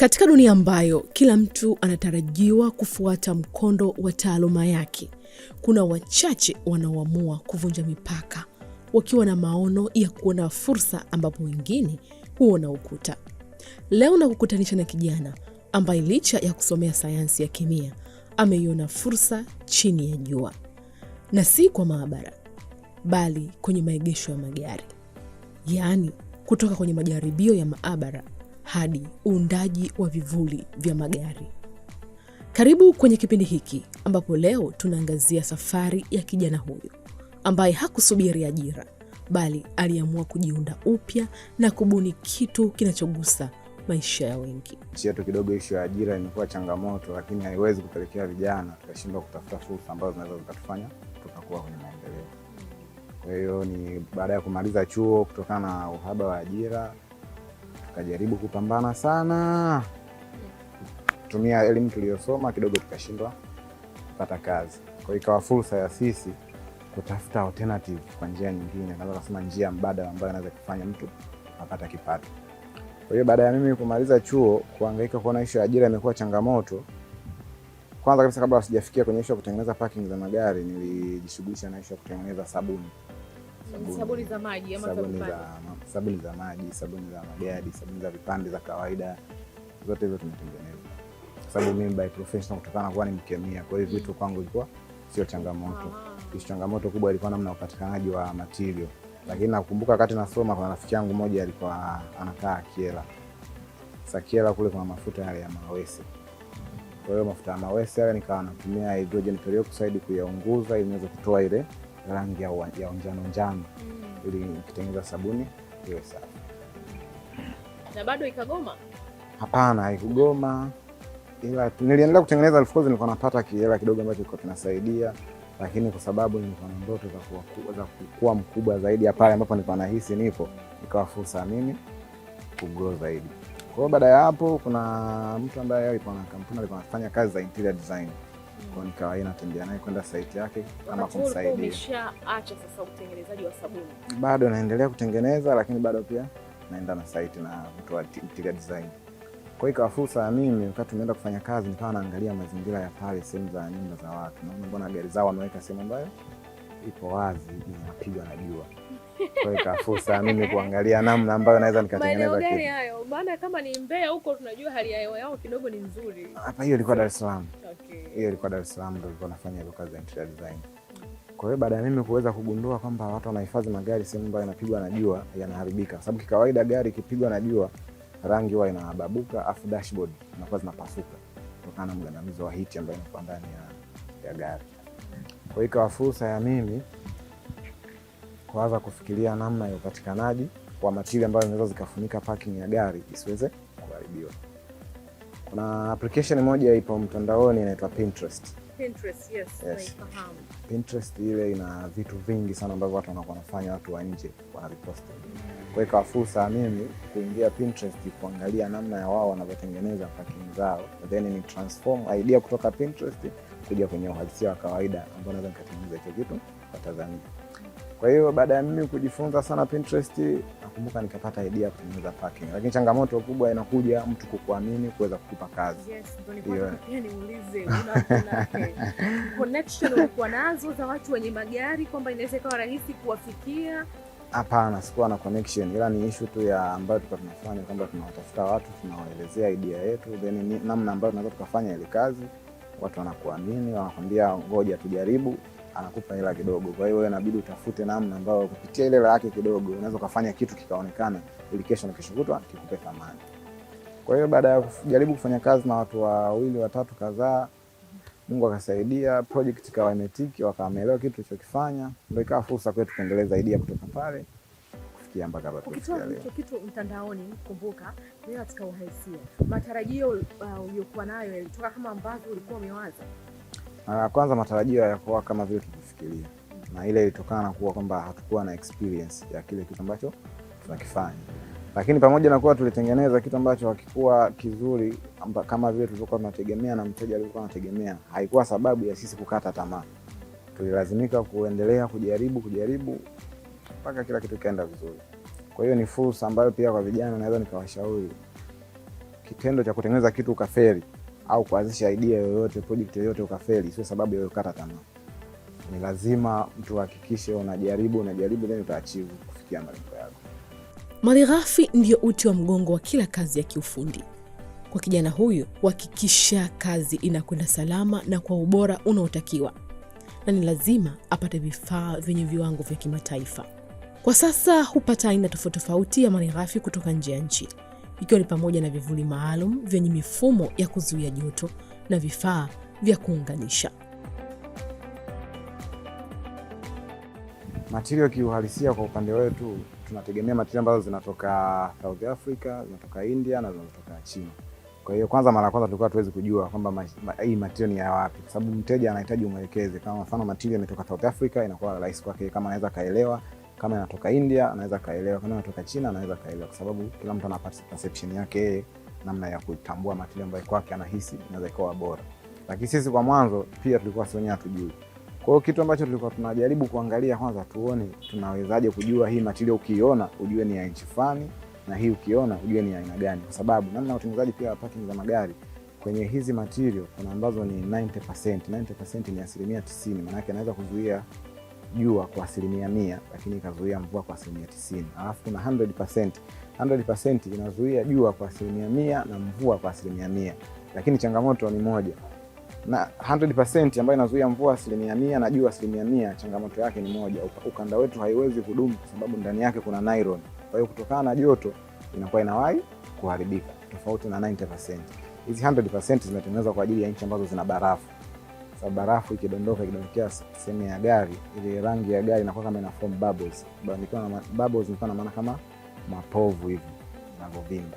Katika dunia ambayo kila mtu anatarajiwa kufuata mkondo wa taaluma yake, kuna wachache wanaoamua kuvunja mipaka, wakiwa na maono ya kuona fursa ambapo wengine huona ukuta. Leo nakukutanisha na kijana ambaye licha ya kusomea sayansi ya kemia ameiona fursa chini ya jua, na si kwa maabara, bali kwenye maegesho ya magari, yaani kutoka kwenye majaribio ya maabara hadi uundaji wa vivuli vya magari. Karibu kwenye kipindi hiki ambapo leo tunaangazia safari ya kijana huyu ambaye hakusubiri ajira bali aliamua kujiunda upya na kubuni kitu kinachogusa maisha ya wengi. Nchi yetu kidogo, ishu ya ajira imekuwa changamoto, lakini haiwezi kupelekea vijana tukashindwa kutafuta fursa ambazo zinaweza zikatufanya tukakuwa kwenye maendeleo. Kwa hiyo ni baada ya kumaliza chuo, kutokana na uhaba wa ajira tukajaribu kupambana sana kutumia elimu tuliyosoma kidogo, tukashindwa kupata kazi. Kwa hiyo ikawa fursa ya sisi kutafuta alternative kwa njia nyingine, naweza kusema njia mbadala ambayo anaweza kufanya mtu apata kipato. Kwa hiyo baada ya mimi kumaliza chuo, kuhangaika kuona ishu ya ajira imekuwa changamoto. Kwanza kabisa, kabla sijafikia kwenye ishu ya kutengeneza parking za magari, nilijishughulisha na ishu ya kutengeneza sabuni sabuni za maji, ama sabuni za maji, sabuni za magadi, sabuni za vipande za kawaida, zote hizo tumetengeneza, kwa sababu mimi by professional, kutokana na kuwa ni mkemia, kwa hiyo mm. vitu kwangu ilikuwa sio changamoto. Ah. Kitu changamoto kubwa ilikuwa namna upatikanaji wa material, lakini nakumbuka wakati nasoma, kuna rafiki yangu mmoja alikuwa anakaa Kiela. Sasa Kiela kule kuna mafuta yale ya mawese kwa hiyo mafuta ya mawese yale nikawa natumia hydrogen peroxide kuyaunguza ili niweze kutoa ile rangi ya njano njano mm. ili ukitengeneza sabuni iwe safi. Na bado ikagoma? Hapana, haikugoma, ila niliendelea kutengeneza. Of course nilikuwa napata kihela kidogo ambacho kilikuwa kinasaidia, lakini kwa sababu nilikuwa na ndoto za kukua mkubwa zaidi ya pale ambapo nilikuwa nahisi nipo, ikawa fursa mimi kugrow zaidi. Kwa hiyo baada ya hapo, kuna mtu ambaye alikuwa na kampuni alikuwa anafanya kazi za interior design Mm. kwao, ni kawaida natembea naye kwenda site yake ama kumsaidia. Umeshaacha sasa utengenezaji wa sabuni? Bado naendelea kutengeneza, lakini bado pia naenda na site na mtu wa interior design. Kwa hiyo ikawa fursa ya mimi wakati umeenda kufanya kazi, nikawa naangalia mazingira ya pale, sehemu za nyumba za watu, naona mbona gari zao wameweka sehemu ambayo ipo wazi, inapigwa na jua kuweka fursa mimi kuangalia namna ambayo naweza nikatengeneza kitu. Maeneo hayo? Maana kama ni Mbeya huko tunajua hali ya hewa yao kidogo ni nzuri. Hapa hiyo ilikuwa Dar es Salaam. Okay. Hiyo ilikuwa Dar es Salaam ndio nilikuwa nafanya hiyo kazi ya interior design. Kwa hiyo baada ya mimi kuweza kugundua kwamba watu wanahifadhi magari sehemu ambayo yanapigwa na jua yanaharibika, sababu kikawaida gari ikipigwa na jua rangi huwa inababuka, afu dashboard inakuwa zinapasuka kutokana na mgandamizo wa hiti ambayo inakuwa ndani ya, ya gari. Kwa hiyo ikawa fursa ya mimi kuanza kufikiria namna ya upatikanaji wa matili ambayo inaweza zikafunika parking ya gari isiweze kuharibiwa. Kuna application moja ipo mtandaoni inaitwa Pinterest. Pinterest, yes, yes. Pinterest ile ina vitu vingi sana ambavyo watu wanakuwa wanafanya, watu wa nje wanaviposti. Kwa ikawa fursa mimi kuingia Pinterest kuangalia namna ya wao wanavyotengeneza parking zao, then ni transform idea kutoka Pinterest kuja kwenye uhalisia wa kawaida ambao naweza nikatengeneza hicho kitu kwa Tanzania. Kwa hiyo baada ya mimi kujifunza sana Pinterest, nakumbuka nikapata idea kutengeneza packing, lakini changamoto kubwa inakuja mtu kukuamini kuweza kukupa kazi. Yes, niulize connection ulikuwa nazo za watu wenye magari kwamba inaweza ikawa rahisi kuwafikia? Hapana, sikuwa na connection, ila ni ishu tu ya ambayo tulikuwa tunafanya kwamba tunawatafuta watu, tunawaelezea idea yetu, then namna ambayo tunaweza tukafanya ile kazi, watu wanakuamini, wanakwambia ngoja tujaribu anakupa hela kidogo. Kwa hiyo inabidi utafute namna ambayo kupitia ile hela yake kidogo unaweza ukafanya kitu kikaonekana, ili kesho na kesho kutwa kikupe thamani. Kwa hiyo baada ya kujaribu kufanya kazi na watu wawili watatu kadhaa, Mungu akasaidia, project ikawa imetiki, wakaamelewa kitu tulichokifanya, ndio ikawa fursa kwetu kuendeleza idea kutoka pale kufikia mpaka hapa tulifikia leo. Kitu mtandaoni, kumbuka ni katika uhalisia. Matarajio uh, uliokuwa nayo yalitoka kama ambavyo ulikuwa umewaza. Mara ya kwanza matarajio hayakuwa kama vile tulivyofikiria, na ile ilitokana na kuwa kwamba hatukuwa na experience ya kile kitu ambacho tunakifanya, lakini pamoja na kuwa tulitengeneza kitu ambacho hakikuwa kizuri kama vile tulivyokuwa tunategemea na mteja alivyokuwa anategemea, haikuwa sababu ya sisi kukata tamaa. Tulilazimika kuendelea kujaribu kujaribu mpaka kila kitu kikaenda vizuri. Kwa hiyo ni fursa ambayo pia kwa vijana naweza nikawashauri, kitendo cha kutengeneza kitu ukaferi au kuanzisha idea yoyote, project yoyote ukafeli, sio sababu ya kukata tamaa. Ni lazima mtu hakikishe unajaribu, unajaribu then utaachivu kufikia malengo yako. ghafi ndio uti wa mgongo wa kila kazi ya kiufundi. Kwa kijana huyu, kuhakikisha kazi inakwenda salama na kwa ubora unaotakiwa, na ni lazima apate vifaa vyenye viwango vya kimataifa. Kwa sasa hupata aina tofauti tofauti ya ghafi kutoka nje ya nchi ikiwa ni pamoja na vivuli maalum vyenye mifumo ya kuzuia joto na vifaa vya kuunganisha. Matirio kiuhalisia, kwa upande wetu tunategemea matirio ambazo zinatoka South Africa, zinatoka India na zinatoka China. Kwa hiyo kwanza, mara ya kwanza tulikuwa tuwezi kujua kwamba hii matirio ni ya wapi, kwa sababu mteja anahitaji umwelekeze. Kama mfano matirio imetoka South Africa, inakuwa rahisi kwake kama anaweza akaelewa kama anatoka India anaweza kaelewa, kama anatoka China anaweza kaelewa, kwa sababu kila mtu ana perception yake, yeye, namna ya kutambua material ambayo kwake anahisi inaweza ikawa bora. Lakini sisi kwa mwanzo pia tulikuwa sisi wenyewe hatujui. Kwa hiyo kitu ambacho tulikuwa tunajaribu kuangalia kwanza, tuone tunawezaje kujua hii material, ukiona ujue ni ya nchi fulani, na hii ukiona ujue ni aina gani, kwa sababu namna watengenezaji pia wa za magari kwenye hizi material kuna ambazo ni 90%, 90% ni asilimia 90, maana yake anaweza kuzuia jua kwa asilimia mia lakini ikazuia mvua kwa asilimia tisini alafu kuna 100%. 100% inazuia jua kwa asilimia mia na mvua kwa asilimia mia lakini changamoto ni moja na 100% ambayo inazuia mvua asilimia mia na jua asilimia mia, changamoto yake ni moja. Ukanda wetu haiwezi kudumu kwa sababu ndani yake kuna nylon. Kwa hiyo kutokana na joto inakuwa inawahi kuharibika, tofauti na 90%. Hizi 100% zimetengenezwa kwa ajili ya nchi ambazo zina barafu za barafu ikidondoka ikidondokea sehemu ya gari, ile rangi ya gari inakuwa kama ina form bubbles. Nikiwa na bubbles, ni kama maana kama mapovu hivi yanavyovimba.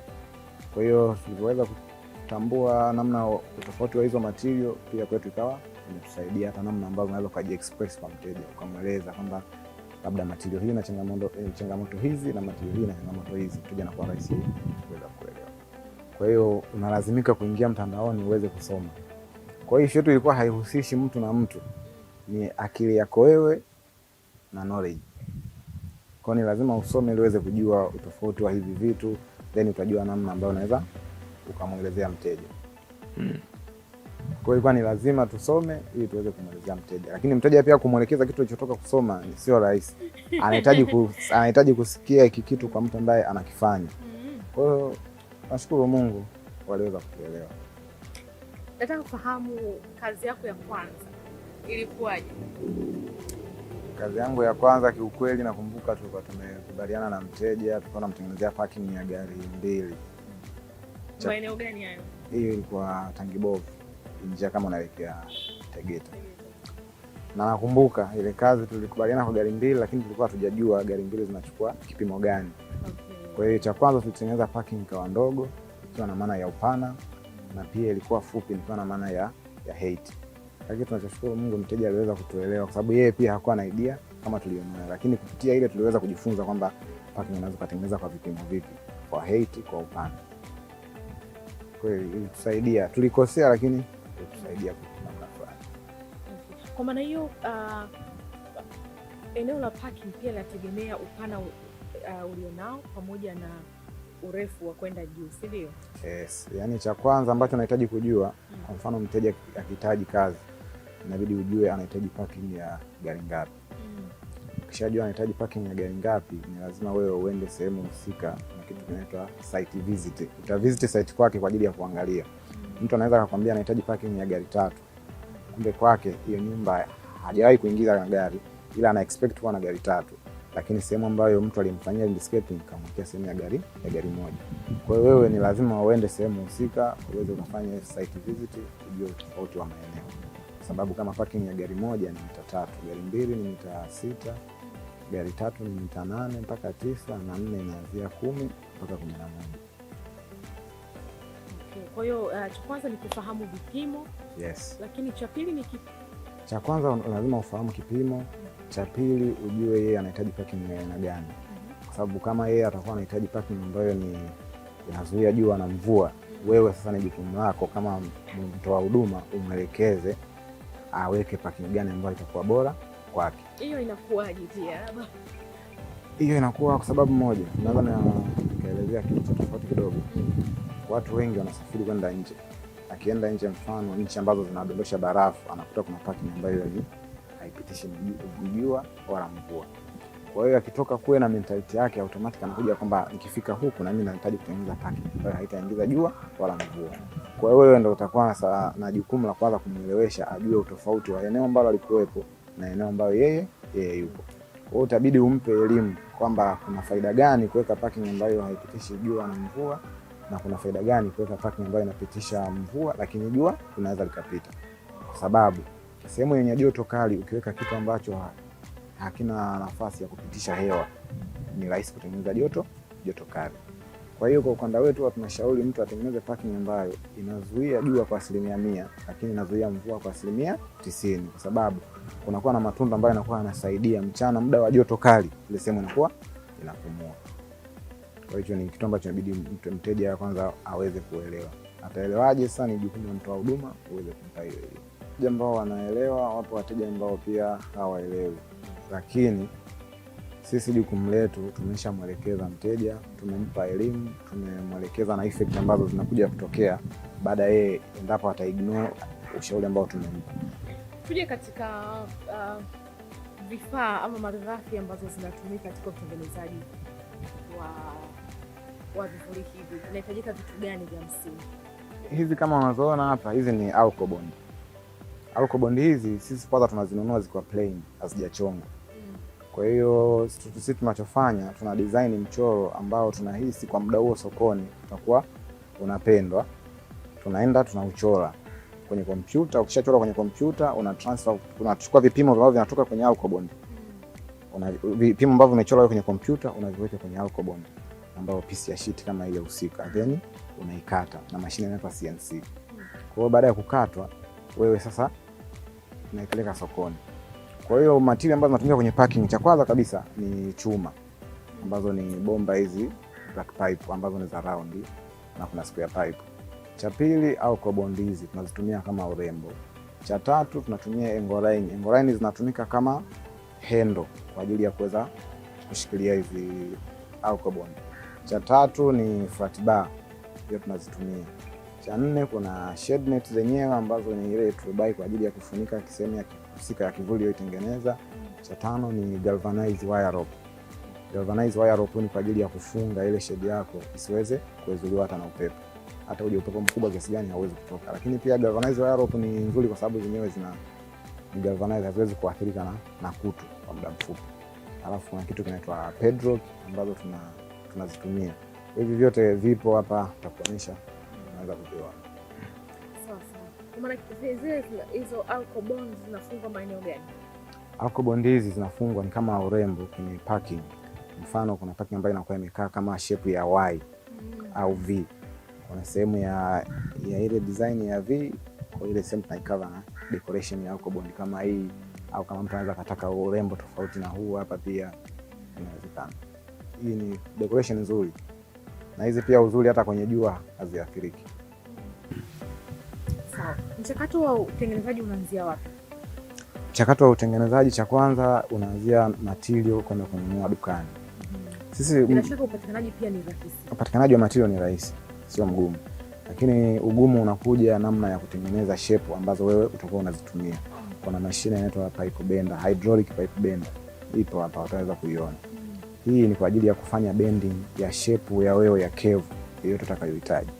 Kwa hiyo tulivyoweza kutambua namna utofauti wa hizo material, pia kwetu ikawa imetusaidia hata namna ambavyo unaweza ukaji express kwa mteja, ukamweleza kwamba labda material hii na changamoto eh, changamoto hizi na material hii na changamoto hizi, na kwa rahisi kuweza kuelewa. Kwa hiyo unalazimika kuingia mtandaoni uweze kusoma kwa hiyo ishu yetu ilikuwa haihusishi mtu na mtu, ni akili yako wewe na knowledge. Kwa ni lazima usome ili uweze kujua utofauti wa hivi vitu, then utajua namna ambayo unaweza ukamwelezea mteja hmm. Kwa hiyo ilikuwa ni lazima tusome ili tuweze kumwelezea mteja, lakini mteja pia kumwelekeza kitu alichotoka kusoma sio rahisi. Anahitaji ku, anahitaji kusikia hiki kitu kwa mtu ambaye anakifanya. Hmm. Kwa hiyo nashukuru Mungu waliweza kutuelewa. Nataka kufahamu kazi yako ya kwanza ilikuwaje? Kazi yangu ya kwanza kiukweli, nakumbuka tulikuwa tumekubaliana na mteja, tulikuwa namtengenezea parking ya gari mbili. Maeneo gani hayo? Hiyo ilikuwa Tangibovu, njia kama unaelekea Tegeta. Na nakumbuka ile kazi tulikubaliana kwa gari mbili, lakini tulikuwa hatujajua gari mbili zinachukua kipimo gani. Okay. Kwa hiyo cha kwanza tulitengeneza parking kawa ndogo, ikiwa na maana ya upana na pia ilikuwa fupi, nikiwa na maana ya, ya hate. Lakini tunachoshukuru Mungu, mteja aliweza kutuelewa, kwa sababu yeye pia hakuwa na idea kama tulionayo, lakini kupitia ile tuliweza kujifunza kwamba parking unaweza ukatengeneza kwa vipimo vipi, kwa hate, kwa upana Kweli ilitusaidia, tulikosea, lakini ilitusaidia namna fulani. Kwa maana hiyo, uh, eneo la parking pia linategemea upana uh, ulionao pamoja na urefu wa kwenda juu, si ndio? Yes, yani cha kwanza ambacho anahitaji kujua mm. Kwa mfano mteja akihitaji kazi, inabidi ujue anahitaji parking ya gari ngapi mm. Ukishajua anahitaji parking ya gari ngapi, ni lazima wewe uende sehemu husika na kitu hmm. kinaitwa site visit. Utavisit site kwake kwa ajili ya kuangalia mm. Mtu anaweza akakwambia anahitaji parking ya gari tatu, kumbe kwake hiyo nyumba hajawahi kuingiza gari, ila ana expect kuwa na gari tatu lakini sehemu ambayo mtu alimfanyia landscaping kamwekea sehemu ya gari ya gari moja. Kwa hiyo wewe ni lazima uende sehemu husika uweze ukafanya site visit, ujue utofauti wa maeneo, kwa sababu kama parking ya gari moja ni mita tatu, gari mbili ni mita sita, gari tatu ni mita nane mpaka tisa, na nne inaanzia kumi mpaka kumi na moja. Kwa hiyo uh, cha kwanza ni kufahamu vipimo. Yes. Lakini cha pili ni kipi? Cha kwanza lazima ufahamu kipimo cha pili ujue yeye anahitaji parking ya aina gani, kwa sababu kama yeye atakuwa anahitaji parking ambayo ni inazuia jua na mvua, wewe sasa ni jukumu lako kama mtoa huduma umwelekeze aweke parking gani ambayo itakuwa bora kwake. Hiyo inakuwaje pia? Hiyo inakuwa kwa sababu moja, naweza nikaelezea kitu cha tofauti kidogo. Watu wengi wanasafiri kwenda nje, akienda nje, mfano nchi ambazo zinadondosha barafu, anakuta kuna parking ambayo ni haipitishi mjua wala mvua. Kwa hiyo akitoka kuwe na mentality yake automatic anakuja kwamba nikifika huku na mimi nahitaji kutengeneza package. Kwa hiyo haitaingiza jua wala mvua. Kwa hiyo wewe ndio utakuwa na jukumu la kwanza kumuelewesha ajue utofauti wa eneo ambalo alikuwepo na eneo ambalo yeye yeye yupo. Kwa hiyo utabidi umpe elimu kwamba kuna faida gani kuweka parking ambayo haipitishi jua na mvua na kuna faida gani kuweka parking ambayo inapitisha mvua lakini jua linaweza likapita. Kwa sababu sehemu yenye joto kali, ukiweka kitu ambacho hakina nafasi ya kupitisha hewa, ni rahisi kutengeneza joto joto kali. Kwa hiyo kwa ukanda wetu tunashauri mtu atengeneze parking ambayo inazuia jua kwa asilimia mia, lakini inazuia mvua kwa asilimia tisini, kwa sababu kunakuwa na matunda ambayo yanakuwa yanasaidia mchana, muda wa joto kali, ile sehemu inakuwa inapumua. Kwa hiyo ni kitu ambacho inabidi mteja kwanza aweze kuelewa. Ataelewaje? Sasa ni jukumu la mtoa huduma uweze kumpa hiyo wateja ambao wanaelewa, wapo wateja ambao pia hawaelewi, lakini sisi jukumu letu tumeshamwelekeza mteja, tumempa elimu, tumemwelekeza na effect ambazo zinakuja kutokea baada ya yeye, endapo ataignore ushauri ambao tumempa. Tuje katika uh, vifaa ama malighafi ambazo zinatumika katika utengenezaji wa wa vifuri hivi, vinahitajika vitu gani vya msingi? Hizi kama unazoona hapa, hizi ni alcohol Alcobond hizi sisi kwanza tunazinunua zikiwa plain, hazijachongwa. Mm. Kwa hiyo sisi tunachofanya tuna design mchoro ambao tunahisi kwa muda huo sokoni utakuwa unapendwa, tunaenda tunauchora kwenye kompyuta. Ukishachora kwenye kompyuta, una transfer, unachukua vipimo ambavyo vinatoka kwenye Alcobond, mm. una vipimo ambavyo vimechorwa kwenye kompyuta, unaviweka kwenye Alcobond ambayo pisi ya sheet kama ile husika, then unaikata na mashine inaitwa CNC. Mm. Kwa hiyo baada ya kukatwa, wewe sasa tunaipeleka sokoni. Kwa hiyo material ambazo zinatumika kwenye packing, cha kwanza kabisa ni chuma ambazo ni bomba hizi black pipe ambazo ni za round na kuna square pipe. Cha pili au kobondizi tunazitumia kama urembo. Cha tatu tunatumia engolaini. Engolaini zinatumika kama hendo kwa ajili ya kuweza kushikilia hizi au kobondizi. Cha tatu ni flat bar, hiyo tunazitumia cha nne kuna shade net zenyewe ambazo ni ile turubai kwa ajili ya kufunika sehemu ya kusika ya kivuli iliyotengeneza. Mm. Cha tano ni galvanized wire rope. Galvanized wire rope ni kwa ajili ya kufunga ile shade yako isiweze kuezuliwa hata na upepo, hata uje upepo mkubwa kiasi gani hauwezi kutoka. Lakini pia galvanized wire rope ni nzuri kwa sababu zenyewe zina galvanized, haziwezi kuathirika na, na kutu kwa muda mfupi. Alafu kuna kitu kinaitwa pedro ambazo tunazitumia tuna hivi vyote vipo hapa, tutakuonyesha anaanza kupewa. Hizo alcohol zinafungwa hizi zinafungwa ni kama urembo kwenye parking. Mfano, kuna parking ambayo inakuwa imekaa kama shape ya Y mm. au V. Kuna sehemu ya, ya ile design ya V kwa ile sehemu tunaikava na decoration ya alcohol kama hii, au kama mtu anaweza akataka urembo tofauti na huu hapa, pia inawezekana. Hii ni decoration nzuri, na hizi pia uzuri hata kwenye jua haziathiriki. Mchakato wa utengenezaji unaanzia wapi? Mchakato wa utengenezaji, cha kwanza unaanzia matirio kwenda kununua dukani. Mm-hmm. Sisi bila shaka upatikanaji pia ni rahisi, upatikanaji wa matirio ni rahisi, sio mgumu, lakini ugumu unakuja namna ya kutengeneza shepu ambazo wewe utakuwa unazitumia. Kuna mashine inaitwa pipe bender, hydraulic pipe bender, ipo hapa, utaweza kuiona. Mm-hmm. Hii ni kwa ajili ya kufanya bending ya shepu ya wewe ya kevu yoyote utakayohitaji.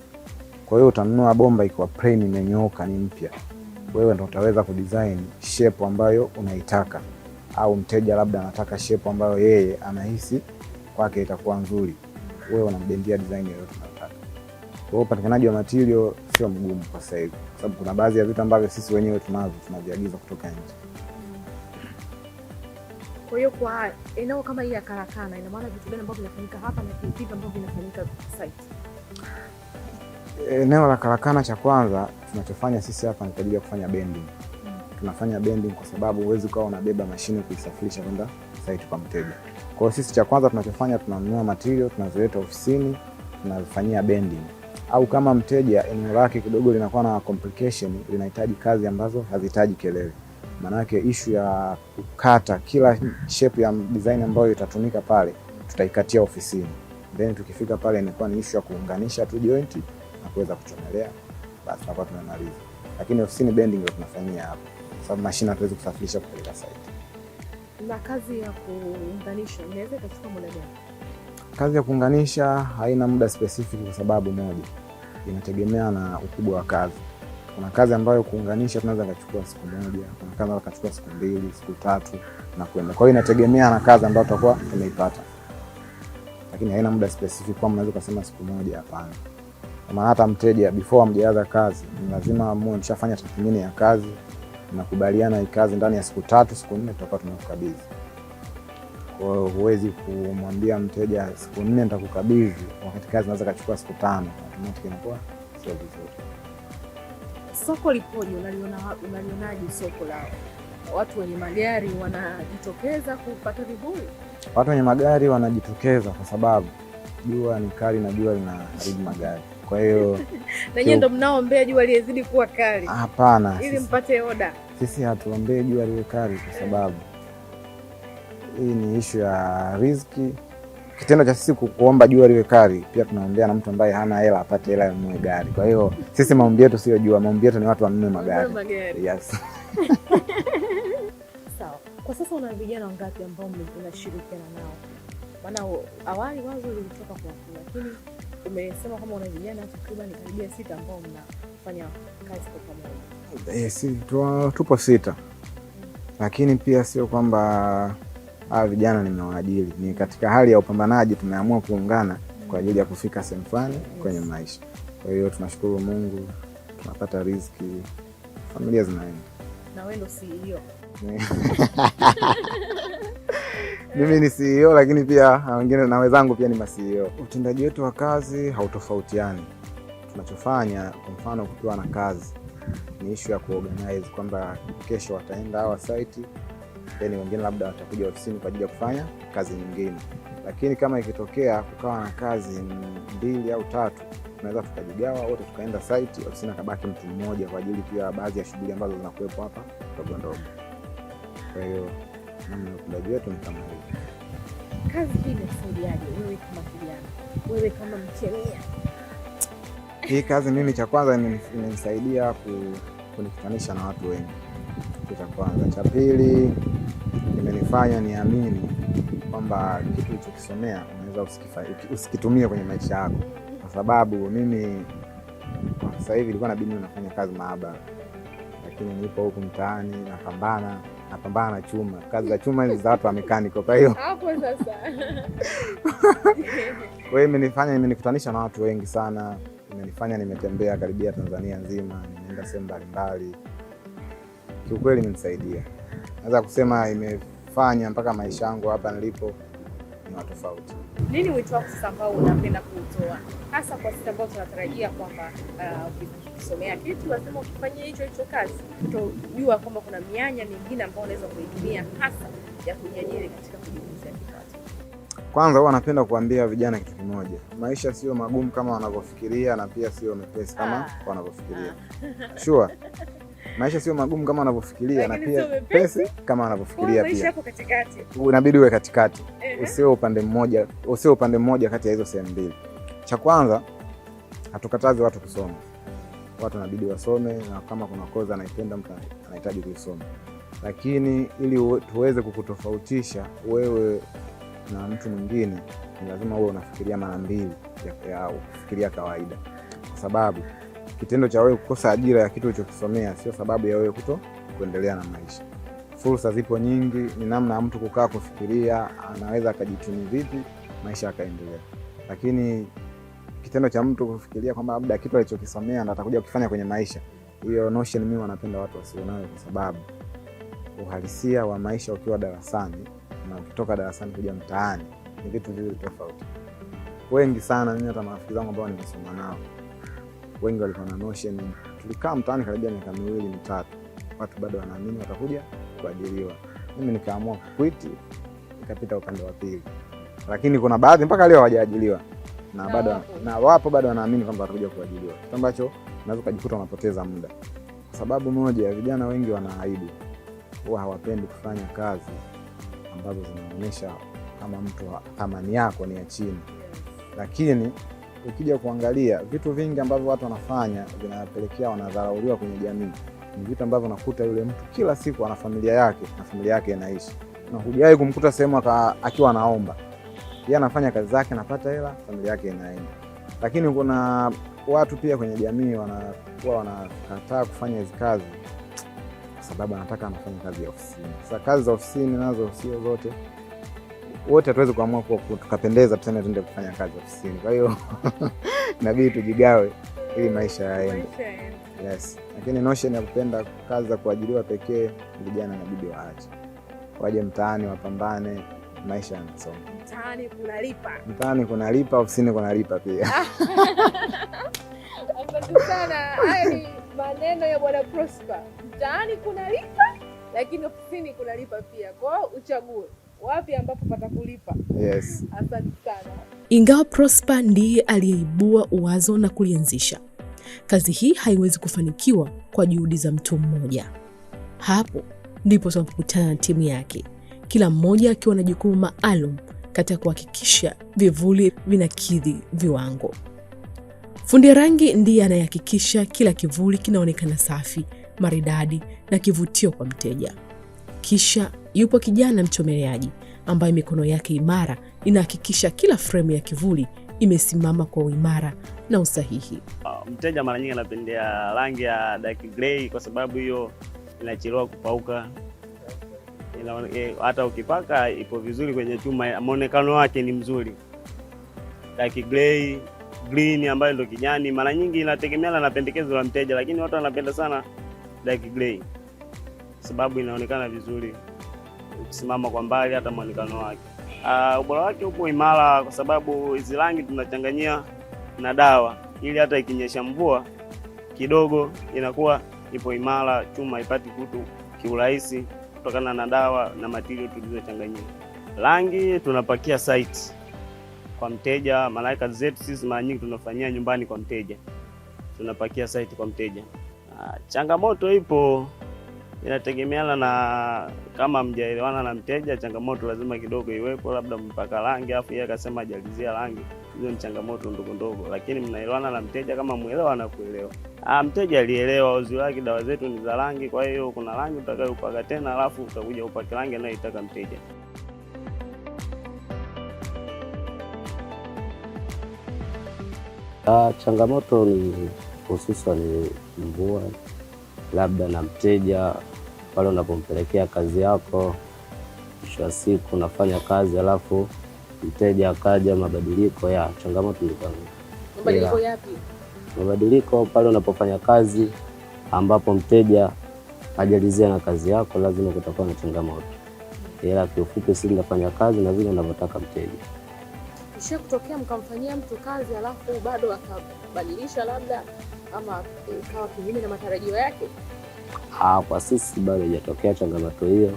Kwa hiyo utanunua bomba ikiwa plain imenyooka, ni mpya, wewe ndo utaweza kudesign shape ambayo unaitaka, au mteja labda anataka shape ambayo yeye anahisi kwake itakuwa nzuri, wewe unambendia design yoyote unataka. Kwa hiyo upatikanaji wa material sio mgumu kwa sasa hivi, kwa sababu kuna baadhi ya vitu ambavyo sisi wenyewe tunazo tunaviagiza kutoka nje. Kwa hiyo kwa eneo kama hii ya karakana, ina maana vitu gani ambavyo vinafanyika hapa na vipi ambavyo vinafanyika site? Eneo la karakana, cha kwanza tunachofanya sisi hapa ni kwa ajili ya kufanya bending. Tunafanya bending kwa sababu huwezi ukawa unabeba mashine kuisafirisha kwenda site kwa mteja. Kwa hiyo sisi cha kwanza tunachofanya, tunanunua material, tunazileta ofisini, tunazifanyia bending. Au kama mteja eneo lake kidogo linakuwa na complication, linahitaji kazi ambazo hazihitaji kelele, maanake ishu ya kukata kila shape ya design ambayo itatumika pale tutaikatia ofisini, then tukifika pale inakuwa ni ishu ya kuunganisha tu jointi na kuweza kuchomelea, basi tunakuwa tunamaliza. Lakini ofisini bending ndio tunafanyia hapa, kwa sababu mashine hatuwezi kusafirisha kupeleka site. Na kazi ya kuunganisha inaweza ikachukua muda gani? Kazi ya kuunganisha haina muda specific, kwa sababu moja, inategemea na ukubwa wa kazi. Kuna kazi ambayo kuunganisha tunaweza kachukua siku moja, kuna kazi ambayo kachukua siku mbili, siku tatu na kwenda. Kwa hiyo inategemea na kazi ambayo tutakuwa tumeipata, lakini haina muda specific kwamba unaweza ukasema siku moja. Hapana maana hata mteja before mjaaza kazi ni lazima muwe mshafanya tathmini ya kazi, nakubaliana hii kazi ndani ya siku tatu siku nne tutakuwa tunakukabidhi. Kwa hiyo huwezi kumwambia mteja siku nne nitakukabidhi wakati kazi naweza kachukua siku tano, inakuwa sio vizuri. Soko lipoje? Unaliona, unalionaje soko la watu wenye magari wanajitokeza kupata vibuyu? Watu wenye magari wanajitokeza kwa sababu jua ni kali na jua linaharibu magari kwa hiyo nanyi ndo mnaoombea jua liyezidi kuwa kali? Hapana, ili mpate oda. Sisi hatuombee jua liwe kali, kwa sababu hii ni ishu ya riziki. Kitendo cha sisi kuomba jua liwe kali, pia tunaombea na mtu ambaye hana hela apate hela yanunue gari. Kwa hiyo sisi maombi yetu sio jua, maombi yetu ni watu wanunue magari. Yes. Sawa. Kwa sasa una vijana wangapi ambao unashirikiana nao? Maana awali wazo lilitoka kwa lakini umesema kwamba una vijana takriban karibia sita ambao mnafanya kazi kwa pamoja. E, si tupo sita Lakini pia sio kwamba hawa vijana nimewaajiri, ni katika hali ya upambanaji tumeamua kuungana kwa ajili ya kufika sehemu fulani yes. kwenye maisha. Kwa hiyo tunashukuru Mungu tunapata riziki, familia zinaenda. Na wewe ndio CEO mimi ni CEO lakini pia wengine na wenzangu pia ni ma CEO. Utendaji wetu wa kazi hautofautiani. Tunachofanya kwa mfano, kukiwa na kazi ni ishu ya kuorganize kwamba kesho wataenda hawa site, then wengine labda watakuja ofisini kwa ajili ya kufanya kazi nyingine. Lakini kama ikitokea kukawa na kazi mbili au tatu, tunaweza tukajigawa wote tukaenda site, ofisini akabaki mtu mmoja kwa ajili pia baadhi ya shughuli ambazo zinakuwepo hapa ndogo ndogo, kwa hiyo namna ya ufugaji wetu ni kama hivi. Kazi hii inakusaidiaje wewe kama kijana, wewe kama mchelea? Hii kazi mimi, cha kwanza imenisaidia kunikutanisha na watu wengi, cha kwanza. Cha pili, imenifanya niamini kwamba kitu ulichokisomea unaweza usikitumie kwenye maisha yako, kwa sababu mimi sasa hivi ilikuwa nabidi nafanya kazi maabara, lakini nipo huku mtaani napambana napambana na chuma. Kazi za chuma ni za watu wa mekaniko, kwa hiyo hapo sasa. Kwa hiyo imenifanya imenikutanisha na watu wengi sana, imenifanya nimetembea karibia Tanzania nzima, nimeenda sehemu mbalimbali. Kiukweli imenisaidia, naweza kusema imefanya mpaka maisha yangu hapa nilipo ni tofauti. Nini wito wako sasa ambao unapenda kuutoa hasa kwa sisi ambao tunatarajia kwamba uh, kusomea kitu, wasema ukifanyia hicho hicho kazi, utajua kwamba kuna mianya mingine ambayo unaweza kuitumia hasa ya kujiajiri katika kujiongezea kipato. Kwanza huwa anapenda kuambia vijana kitu kimoja, maisha sio magumu kama wanavyofikiria na pia sio mepesi kama ah, wanavyofikiria. Ah. Sure. Maisha sio magumu kama wanavyofikiria na pia pesi kama wanavyofikiria pia. Unabidi uwe katikati, Usiwe upande mmoja, usiwe upande mmoja kati ya hizo sehemu mbili. Cha kwanza hatukatazi watu kusoma watu wanabidi wasome, na kama kuna kozi anaipenda mtu anahitaji kuisoma, lakini ili tuweze kukutofautisha wewe na mtu mwingine, ni lazima uwe unafikiria mara mbili ya kufikiria kawaida, kwa sababu kitendo cha wewe kukosa ajira ya kitu ulichokisomea sio sababu ya wewe kuto kuendelea na maisha. Fursa zipo nyingi, ni namna ya mtu kukaa kufikiria, anaweza akajitumi vipi maisha akaendelea, lakini kitendo cha mtu kufikiria kwamba labda kitu alichokisomea ndo atakuja kukifanya kwenye maisha. Hiyo notion mimi wanapenda watu wasio nayo, kwa sababu uhalisia wa maisha ukiwa darasani na ukitoka darasani kuja mtaani ni vitu viwili tofauti. Wengi sana, mimi hata marafiki zangu ambao nimesoma nao wengi walikuwa na notion, tulikaa mtaani karibia miaka miwili mitatu, watu bado wanaamini watakuja kuajiriwa. Mimi nikaamua kukwiti, nikapita upande wa pili, lakini kuna baadhi mpaka leo hawajaajiriwa na, bado wapo, na wapo bado wanaamini kwamba watakuja kuajiliwa, kitu ambacho unaweza ukajikuta unapoteza muda, kwa sababu moja ya vijana wengi wana aibu, huwa hawapendi kufanya kazi ambazo zinaonyesha kama mtu thamani yako ni ya chini, lakini ukija kuangalia vitu vingi ambavyo watu wanafanya vinapelekea wanadharauliwa kwenye jamii, ni vitu ambavyo unakuta yule mtu kila siku ana familia yake na familia yake inaishi, na hujawahi kumkuta sehemu akiwa anaomba yeye anafanya kazi zake, anapata hela, familia yake inaenda. Lakini kuna watu pia kwenye jamii wanakuwa wanakataa kufanya hizi kazi kwa sababu anataka anafanya kazi ya ofisini. Sasa kazi za ofisini nazo sio zote, wote hatuwezi kuamua kwa tukapendeza tuseme tuende kufanya kazi ofisini. Kwa hiyo inabidi tujigawe ili maisha yaende. Yes, lakini notion ya kupenda kazi za kuajiriwa pekee, vijana inabidi waache, waje mtaani wapambane maisha yanasonga. Mtaani kunalipa, mtaani kunalipa, ofisini kunalipa pia. Asante sana. Haya ni maneno ya Bwana Prosper, mtaani kunalipa, lakini ofisini kunalipa pia. Kwa hiyo uchague wapi ambapo patakulipa. Yes. Asante sana. Ingawa Prosper ndiye aliyeibua uwazo na kulianzisha, kazi hii haiwezi kufanikiwa kwa juhudi za mtu mmoja. Hapo ndipo tunapokutana na timu yake kila mmoja akiwa na jukumu maalum katika kuhakikisha vivuli vinakidhi viwango. Fundi rangi ndiye anayehakikisha kila kivuli kinaonekana safi, maridadi na kivutio kwa mteja. Kisha yupo kijana mchomeleaji ambaye mikono yake imara inahakikisha kila fremu ya kivuli imesimama kwa uimara na usahihi. Uh, mteja mara nyingi anapendea rangi ya dark grey kwa sababu hiyo inachelewa kupauka, Eh, hata ukipaka ipo vizuri kwenye chuma, muonekano wake ni mzuri. Dark grey, green ambayo ndio kijani, mara nyingi inategemeana na pendekezo la mteja, lakini watu wanapenda sana dark grey sababu inaonekana vizuri ukisimama kwa mbali, hata muonekano wake. Uh, ubora wake upo imara kwa sababu hizi rangi tunachanganyia na dawa, ili hata ikinyesha mvua kidogo inakuwa ipo imara, chuma ipati kutu kiurahisi kutokana na dawa na matirio tulizochanganyia. Rangi tunapakia site kwa mteja. Malaika zetu sisi mara nyingi tunafanyia nyumbani kwa mteja, tunapakia site kwa mteja. Changamoto ipo, inategemeana na kama mjaelewana na mteja, changamoto lazima kidogo iwepo, labda mpaka rangi afu yeye akasema ajalizia rangi. Hizo ni changamoto ndogo ndogo, lakini mnaelewana na mteja, kama mwelewa kuelewa Ah, mteja alielewa uzi wake, dawa zetu ni za rangi, kwa hiyo kuna rangi utakayopaka tena, alafu utakuja upake rangi anayoitaka mteja. Ah, changamoto ni hususan mvua, labda na mteja pale unapompelekea kazi yako, mwisho wa siku unafanya kazi alafu mteja akaja, mabadiliko ya changamoto, ndio mabadiliko yapi? Mabadiliko pale unapofanya kazi ambapo mteja hajalizia na kazi yako, lazima kutakuwa na changamoto, ila kiufupi, si nafanya kazi na vile anavyotaka mteja. Kisha kutokea mkamfanyia mtu kazi alafu bado akabadilisha labda ama ikawa kinyume na matarajio yake? Ah, kwa sisi bado haijatokea changamoto hiyo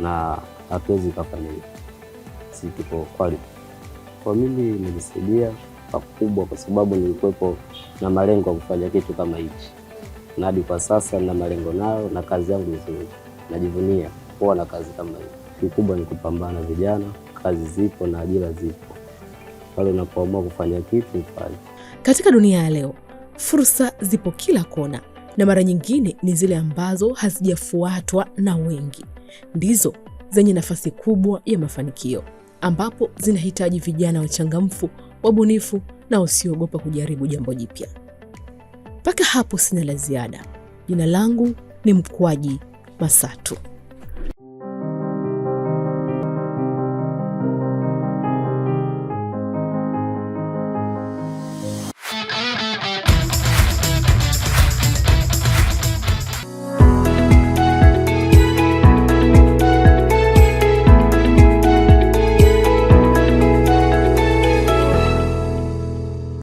na hatuwezi kufanya hivyo, si tuko Kwa mimi nilisaidia pakubwa, kwa sababu nilikuwepo na malengo ya kufanya kitu kama hichi, na hadi kwa sasa na malengo nayo, na kazi yangu nzuri, najivunia kuwa na kazi kama hii. Kikubwa ni kupambana vijana, kazi zipo na ajira zipo, pale unapoamua kufanya kitu ufanye. Katika dunia ya leo, fursa zipo kila kona, na mara nyingine ni zile ambazo hazijafuatwa na wengi ndizo zenye nafasi kubwa ya mafanikio ambapo zinahitaji vijana wachangamfu wabunifu na usiogopa kujaribu jambo jipya. Mpaka hapo sina la ziada. Jina langu ni Mkwaji Masatu.